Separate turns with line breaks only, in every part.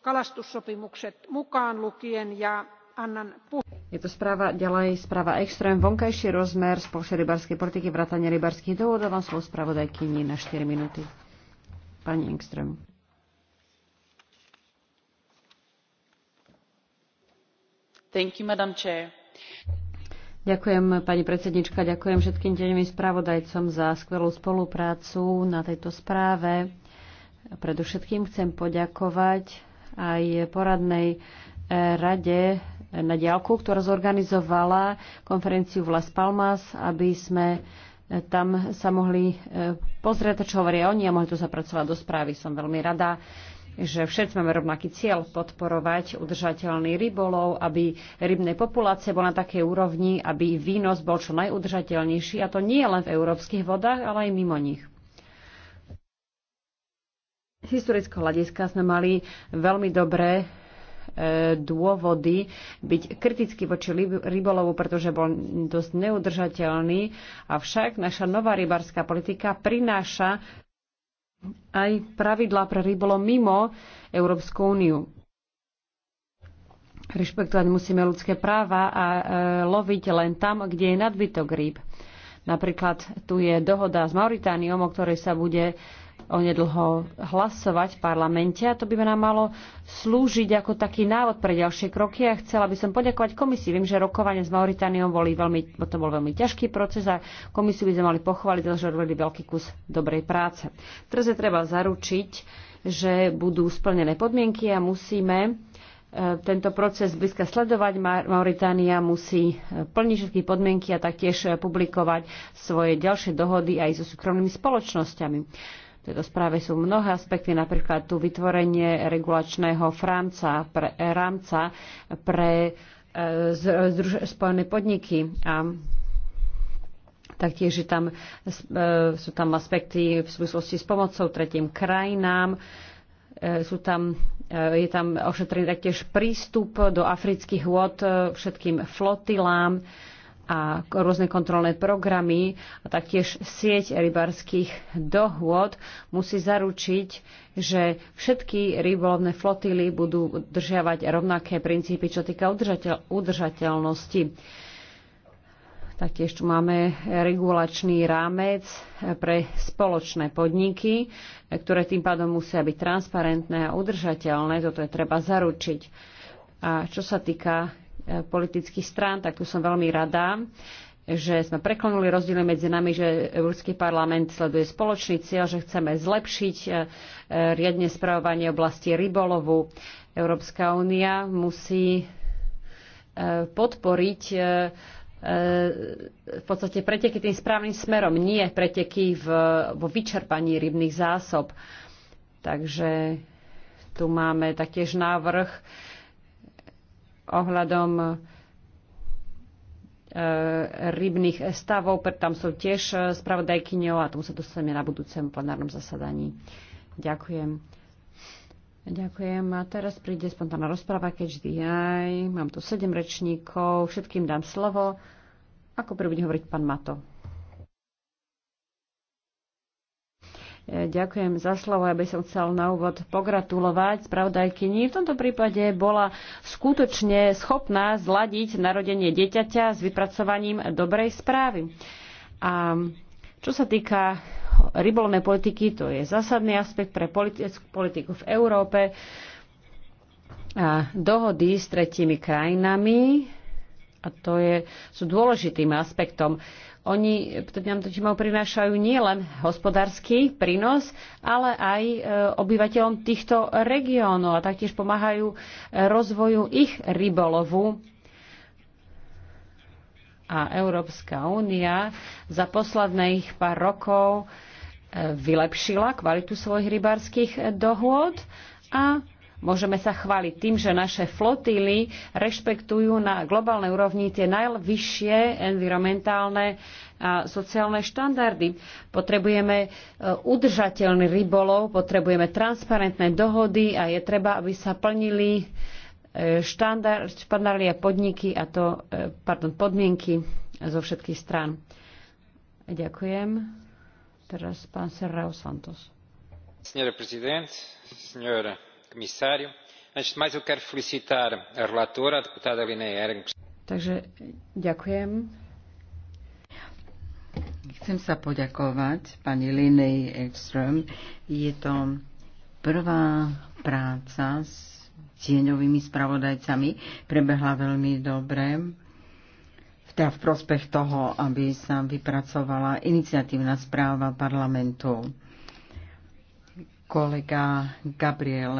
kalastussopimukset mukaan lukien ja annan je to správa ďalej, správa extrém, vonkajší rozmer spoločnej politiky, vrátanie rybarských dohod vám slovo spravodajkyni na 4 minúty. Pani Thank you, Madam Chair. Ďakujem, pani predsednička, ďakujem všetkým deňovým spravodajcom za skvelú spoluprácu na tejto správe. Predovšetkým chcem poďakovať aj poradnej eh, rade eh, na diálku, ktorá zorganizovala konferenciu v Las Palmas, aby sme eh, tam sa mohli pozrieť, čo hovoria oni a mohli to zapracovať do správy. Som veľmi rada, že všetci máme rovnaký cieľ podporovať udržateľný rybolov, aby rybnej populácie bola na takej úrovni, aby výnos bol čo najudržateľnejší a to nie len v európskych vodách, ale aj mimo nich. Z historického hľadiska sme mali veľmi dobré e, dôvody byť kritický voči rybolovu, pretože bol dosť neudržateľný. Avšak naša nová rybárska politika prináša aj pravidlá pre rybolo mimo Európsku úniu. Rešpektovať musíme ľudské práva a e, loviť len tam, kde je nadbytok rýb. Napríklad tu je dohoda s Mauritániom, o ktorej sa bude onedlho hlasovať v parlamente a to by nám malo slúžiť ako taký návod pre ďalšie kroky a chcela by som poďakovať komisii. Viem, že rokovanie s Mauritániou boli veľmi, to bol veľmi ťažký proces a komisiu by sme mali pochváliť, že odvedli veľký kus dobrej práce. Teraz je treba zaručiť, že budú splnené podmienky a musíme e, tento proces blízka sledovať. Mauritánia musí e, plniť všetky podmienky a taktiež publikovať svoje ďalšie dohody aj so súkromnými spoločnosťami tejto správe sú mnohé aspekty, napríklad tu vytvorenie regulačného eh, rámca pre, rámca pre e, spojené podniky a taktiež že tam, e, sú tam aspekty v súvislosti s pomocou tretím krajinám, e, sú tam, e, je tam ošetrený taktiež prístup do afrických vôd všetkým flotilám, e, a rôzne kontrolné programy a taktiež sieť rybarských dohôd musí zaručiť, že všetky rybolovné flotily budú držiavať rovnaké princípy, čo týka udržateľ, udržateľnosti. Taktiež tu máme regulačný rámec pre spoločné podniky, ktoré tým pádom musia byť transparentné a udržateľné. Toto je treba zaručiť. A čo sa týka politických strán, tak tu som veľmi rada, že sme preklonuli rozdiely medzi nami, že Európsky parlament sleduje spoločný cieľ, že chceme zlepšiť e, riadne spravovanie oblasti rybolovu. Európska únia musí e, podporiť e, v podstate preteky tým správnym smerom, nie preteky v, vo vyčerpaní rybných zásob. Takže tu máme taktiež návrh ohľadom e, rybných stavov, tam sú tiež e, spravodajkyňou a tomu sa dostaneme na budúcem plenárnom zasadaní. Ďakujem. Ďakujem. A teraz príde spontánna rozpráva aj, Mám tu sedem rečníkov. Všetkým dám slovo. Ako prvý hovoriť pán Mato. Ďakujem za slovo. aby by som chcel na úvod pogratulovať spravodajkyni. V tomto prípade bola skutočne schopná zladiť narodenie dieťaťa s vypracovaním dobrej správy. A čo sa týka rybolovnej politiky, to je zásadný aspekt pre politiku v Európe. A dohody s tretími krajinami, a to je, sú dôležitým aspektom oni nám totiž prinášajú nielen hospodársky prínos, ale aj e, obyvateľom týchto regiónov a taktiež pomáhajú e, rozvoju ich rybolovu a Európska únia za posledných pár rokov e, vylepšila kvalitu svojich rybárskych dohôd a Môžeme sa chváliť tým, že naše flotily rešpektujú na globálnej úrovni tie najvyššie environmentálne a sociálne štandardy. Potrebujeme e, udržateľný rybolov, potrebujeme transparentné dohody a je treba, aby sa plnili e, štandard, štandardy a podniky a to, e, pardon, podmienky zo všetkých strán. Ďakujem. Teraz pán Serrao Santos. Señor presidente, señora comissário antes de mais eu quero felicitar a relatora a deputada Liné Hermes. Takže
ďakujem. Chcem sa poďakovať pani Linej Ekström. Je to prvá práca s tieňovými spravodajcami. Prebehla veľmi dobre teda v prospech toho, aby sa vypracovala iniciatívna správa parlamentu. Kolega Gabriel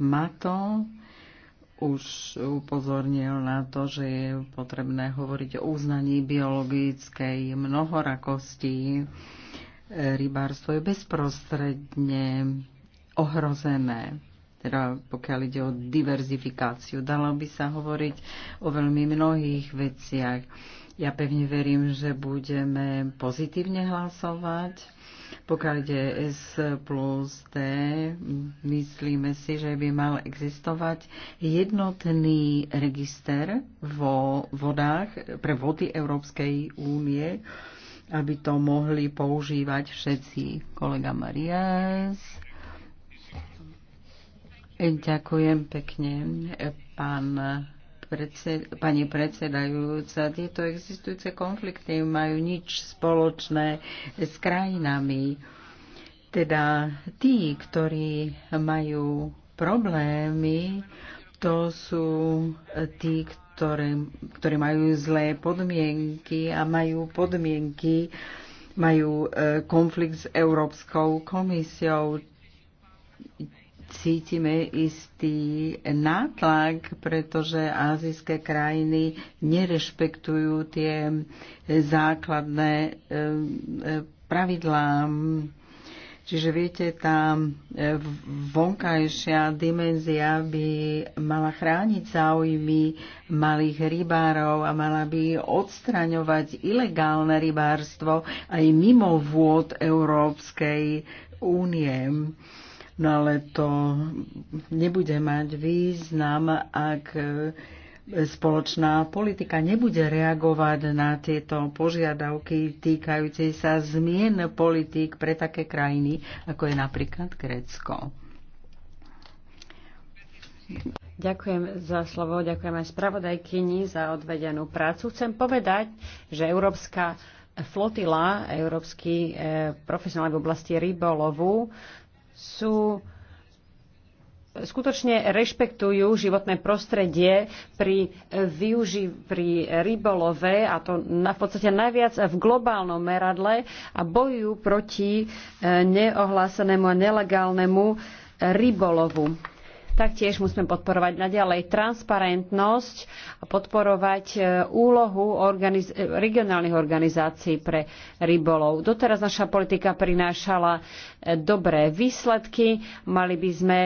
Mato už upozornil na to, že je potrebné hovoriť o uznaní biologickej mnohorakosti. Rybárstvo je bezprostredne ohrozené, teda pokiaľ ide o diverzifikáciu. Dalo by sa hovoriť o veľmi mnohých veciach ja pevne verím, že budeme pozitívne hlasovať. Pokiaľ ide S plus D, myslíme si, že by mal existovať jednotný register vo vodách pre vody Európskej únie, aby to mohli používať všetci. Kolega Marias. Ďakujem pekne, pán predsed, pani predsedajúca. Tieto existujúce konflikty majú nič spoločné s krajinami. Teda tí, ktorí majú problémy, to sú tí, ktoré, ktorí majú zlé podmienky a majú podmienky, majú e, konflikt s Európskou komisiou cítime istý nátlak, pretože azijské krajiny nerešpektujú tie základné e, e, pravidlá. Čiže viete, tá e, vonkajšia dimenzia by mala chrániť záujmy malých rybárov a mala by odstraňovať ilegálne rybárstvo aj mimo vôd Európskej únie. No ale to nebude mať význam, ak spoločná politika nebude reagovať na tieto požiadavky týkajúce sa zmien politík pre také krajiny, ako je napríklad Grécko.
Ďakujem za slovo, ďakujem aj spravodajkyni za odvedenú prácu. Chcem povedať, že Európska flotila, európsky eh, profesionál v oblasti rybolovu sú skutočne rešpektujú životné prostredie pri, využi- pri rybolove a to na v podstate najviac v globálnom meradle a bojujú proti eh, neohlásenému a nelegálnemu rybolovu. Taktiež musíme podporovať naďalej transparentnosť a podporovať e, úlohu organiz- regionálnych organizácií pre rybolov. Doteraz naša politika prinášala e, dobré výsledky. Mali by sme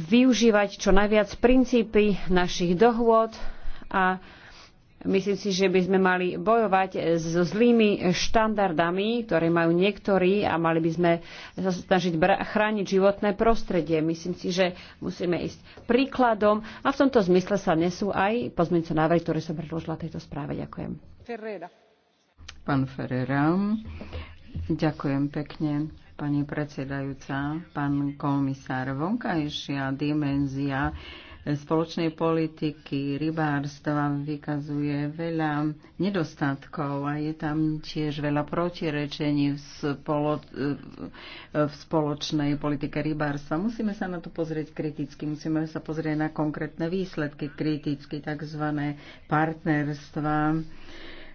využívať čo najviac princípy našich dohôd a Myslím si, že by sme mali bojovať so zlými štandardami, ktoré majú niektorí a mali by sme sa snažiť chrániť životné prostredie. Myslím si, že musíme ísť príkladom a v tomto zmysle sa nesú aj pozmeňujúce návrhy, ktoré som predložila tejto správe. Ďakujem. Ferreira. Pán Ferreira, ďakujem pekne.
Pani predsedajúca, pán komisár, vonkajšia dimenzia spoločnej politiky rybárstva vykazuje veľa nedostatkov a je tam tiež veľa protirečení v, spolo, v spoločnej politike rybárstva. Musíme sa na to pozrieť kriticky, musíme sa pozrieť na konkrétne výsledky kriticky, tzv. partnerstva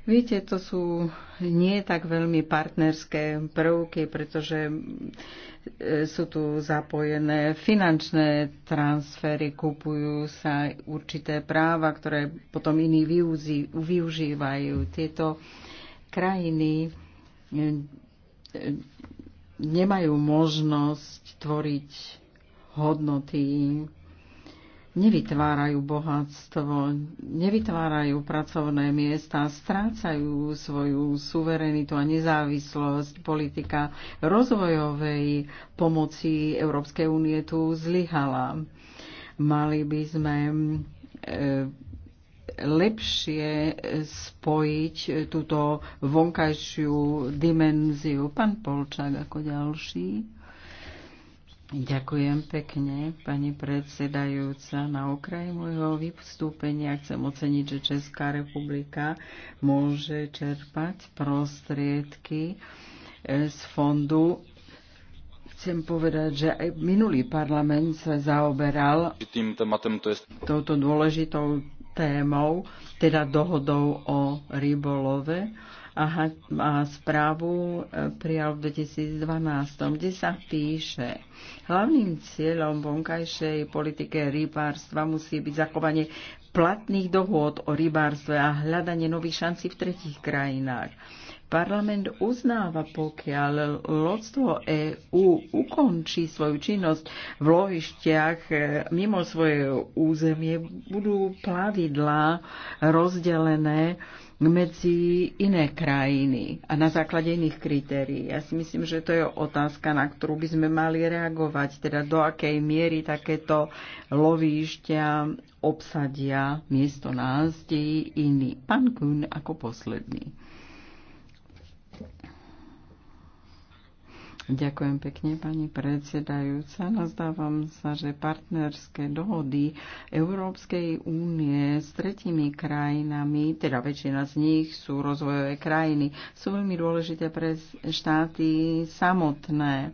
Viete, to sú nie tak veľmi partnerské prvky, pretože e, sú tu zapojené finančné transfery, kupujú sa určité práva, ktoré potom iní využívajú. Tieto krajiny e, e, nemajú možnosť tvoriť hodnoty nevytvárajú bohatstvo, nevytvárajú pracovné miesta, strácajú svoju suverenitu a nezávislosť. Politika rozvojovej pomoci Európskej únie tu zlyhala. Mali by sme e, lepšie spojiť túto vonkajšiu dimenziu. Pán Polčák ako ďalší. Ďakujem pekne, pani predsedajúca. Na okraji môjho vystúpenia chcem oceniť, že Česká republika môže čerpať prostriedky e, z fondu. Chcem povedať, že aj minulý parlament sa zaoberal tým to je... touto dôležitou témou, teda dohodou o rybolove a, a správu e, prijal v 2012, kde sa píše, hlavným cieľom vonkajšej politike rybárstva musí byť zachovanie platných dohôd o rybárstve a hľadanie nových šancí v tretich krajinách. Parlament uznáva, pokiaľ lodstvo EÚ ukončí svoju činnosť v lovištiach e, mimo svoje územie, budú plavidlá rozdelené medzi iné krajiny a na základe iných kritérií. Ja si myslím, že to je otázka, na ktorú by sme mali reagovať, teda do akej miery takéto lovíšťa obsadia miesto nás iný. Pán Kun ako posledný. Ďakujem pekne, pani predsedajúca. Nazdávam sa, že partnerské dohody Európskej únie s tretimi krajinami, teda väčšina z nich sú rozvojové krajiny, sú veľmi dôležité pre štáty samotné.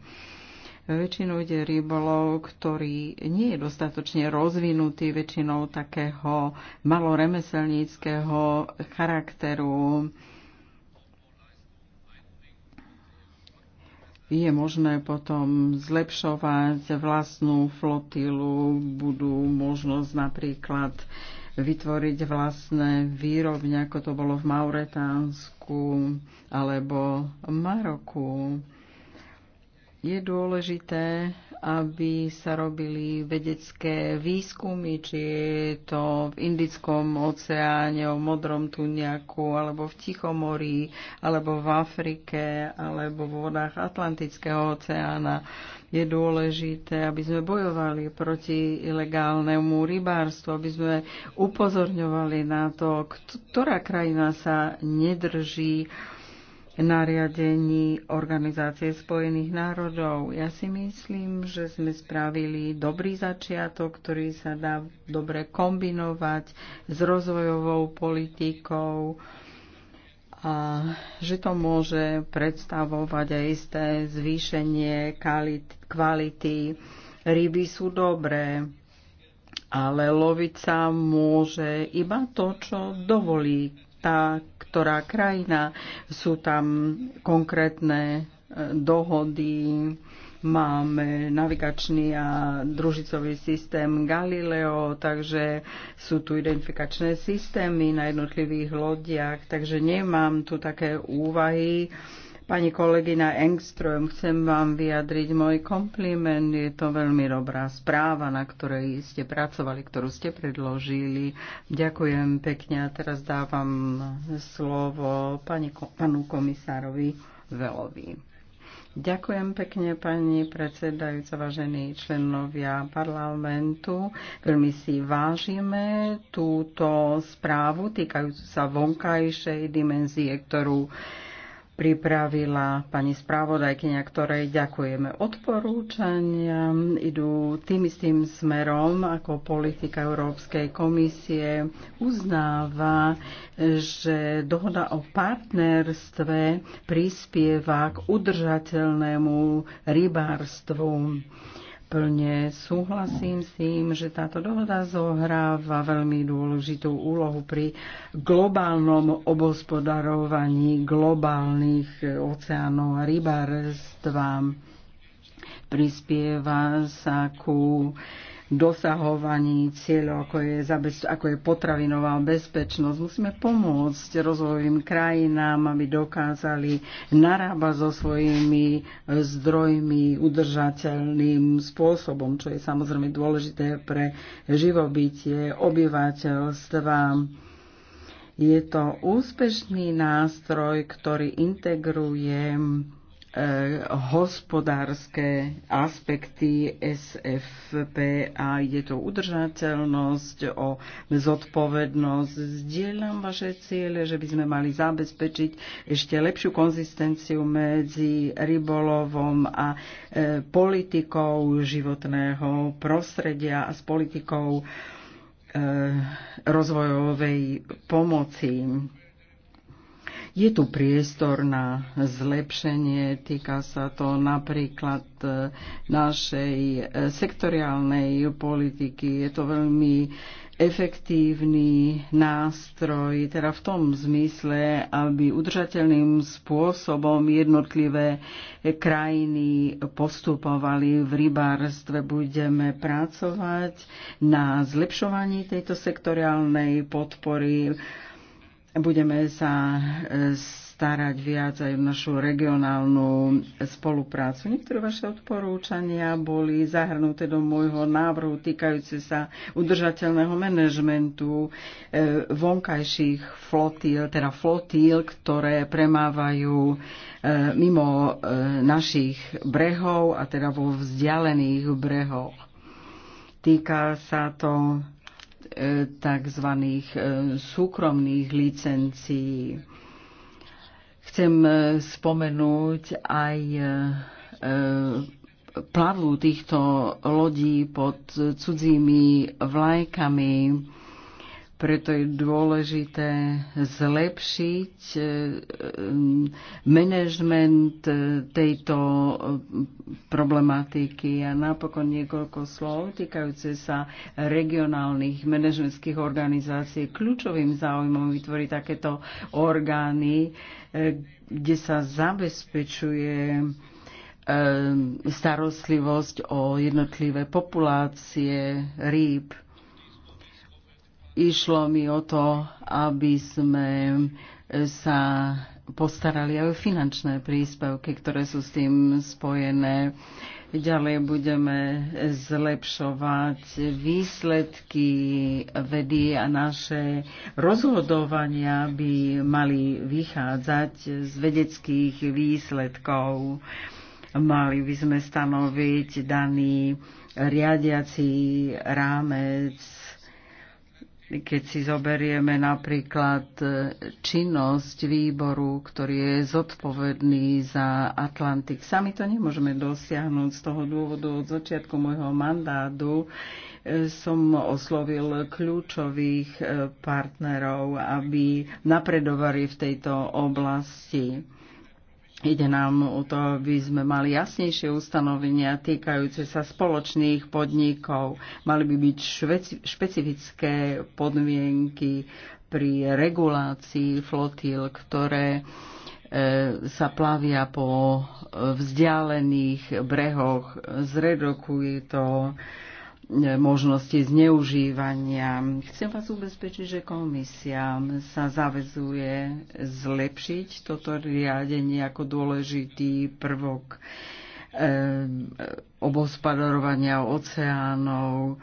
Väčšinou ide rybolov, ktorý nie je dostatočne rozvinutý, väčšinou takého maloremeselníckého charakteru. je možné potom zlepšovať vlastnú flotilu, budú možnosť napríklad vytvoriť vlastné výrobne, ako to bolo v Mauretánsku alebo Maroku. Je dôležité, aby sa robili vedecké výskumy, či je to v Indickom oceáne, v Modrom tuniaku, alebo v Tichomorí, alebo v Afrike, alebo v vodách Atlantického oceána. Je dôležité, aby sme bojovali proti ilegálnemu rybárstvu, aby sme upozorňovali na to, ktorá krajina sa nedrží nariadení Organizácie spojených národov. Ja si myslím, že sme spravili dobrý začiatok, ktorý sa dá dobre kombinovať s rozvojovou politikou a že to môže predstavovať aj isté zvýšenie kvality. Ryby sú dobré, ale loviť sa môže iba to, čo dovolí tá, ktorá krajina. Sú tam konkrétne e, dohody, máme navigačný a družicový systém Galileo, takže sú tu identifikačné systémy na jednotlivých lodiach, takže nemám tu také úvahy, Pani kolegyna Engström, chcem vám vyjadriť môj kompliment. Je to veľmi dobrá správa, na ktorej ste pracovali, ktorú ste predložili. Ďakujem pekne a teraz dávam slovo pani, panu komisárovi Velovi. Ďakujem pekne, pani predsedajúca, vážení členovia parlamentu. Veľmi si vážime túto správu týkajúcu sa vonkajšej dimenzie, ktorú pripravila pani správodajkyňa, ktorej ďakujeme. Odporúčania idú tým istým smerom, ako politika Európskej komisie uznáva, že dohoda o partnerstve prispieva k udržateľnému rybárstvu plne súhlasím s tým, že táto dohoda zohráva veľmi dôležitú úlohu pri globálnom obospodarovaní globálnych oceánov a rybárstva. Prispieva sa ku dosahovaní cieľov, ako je, ako je potravinová bezpečnosť. Musíme pomôcť rozvojovým krajinám, aby dokázali narábať so svojimi e, zdrojmi udržateľným spôsobom, čo je samozrejme dôležité pre živobytie obyvateľstva. Je to úspešný nástroj, ktorý integruje Eh, hospodárske aspekty SFP a ide to udržateľnosť, o zodpovednosť. Zdieľam vaše ciele, že by sme mali zabezpečiť ešte lepšiu konzistenciu medzi rybolovom a eh, politikou životného prostredia a s politikou eh, rozvojovej pomoci je tu priestor na zlepšenie, týka sa to napríklad e, našej e, sektoriálnej politiky. Je to veľmi efektívny nástroj, teda v tom zmysle, aby udržateľným spôsobom jednotlivé krajiny postupovali v rybárstve. Budeme pracovať na zlepšovaní tejto sektoriálnej podpory Budeme sa e, starať viac aj v našu regionálnu spoluprácu. Niektoré vaše odporúčania boli zahrnuté do môjho návrhu týkajúce sa udržateľného manažmentu e, vonkajších flotíl, teda flotíl, ktoré premávajú e, mimo našich brehov a teda vo vzdialených brehoch. Týka sa to tzv. E, súkromných licencií. Chcem e, spomenúť aj e, plavu týchto lodí pod cudzími vlajkami preto je dôležité zlepšiť e, e, manažment e, tejto problematiky. A napokon niekoľko slov týkajúce sa regionálnych manažmentských organizácií. Kľúčovým záujmom vytvoriť takéto orgány, kde sa zabezpečuje starostlivosť o jednotlivé populácie rýb Išlo mi o to, aby sme sa postarali aj o finančné príspevky, ktoré sú s tým spojené. Ďalej budeme zlepšovať výsledky vedy a naše rozhodovania by mali vychádzať z vedeckých výsledkov. Mali by sme stanoviť daný riadiaci rámec keď si zoberieme napríklad e, činnosť výboru, ktorý je zodpovedný za Atlantik, sami to nemôžeme dosiahnuť. Z toho dôvodu od začiatku môjho mandátu e, som oslovil kľúčových e, partnerov, aby napredovali v tejto oblasti. Ide nám o to, aby sme mali jasnejšie ustanovenia týkajúce sa spoločných podnikov. Mali by byť špecifické podmienky pri regulácii flotil, ktoré e, sa plavia po e, vzdialených brehoch. Zredokuje to možnosti zneužívania. Chcem vás ubezpečiť, že komisia sa zavezuje zlepšiť toto riadenie ako dôležitý prvok eh, obospadorovania oceánov.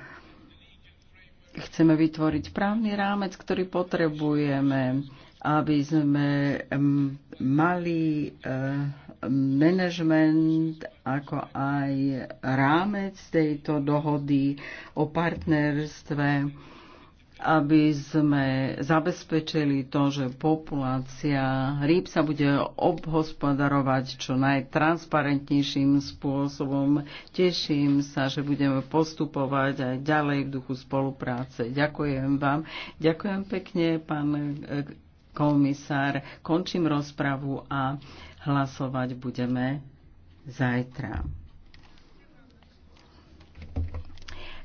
Chceme vytvoriť právny rámec, ktorý potrebujeme aby sme mali eh, manažment ako aj rámec tejto dohody o partnerstve, aby sme zabezpečili to, že populácia rýb sa bude obhospodarovať čo najtransparentnejším spôsobom. Teším sa, že budeme postupovať aj ďalej v duchu spolupráce. Ďakujem vám. Ďakujem pekne, pán eh, komisár. Končím rozpravu a hlasovať budeme zajtra.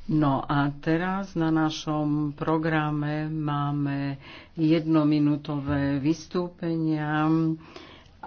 No a teraz na našom programe máme jednominútové vystúpenia.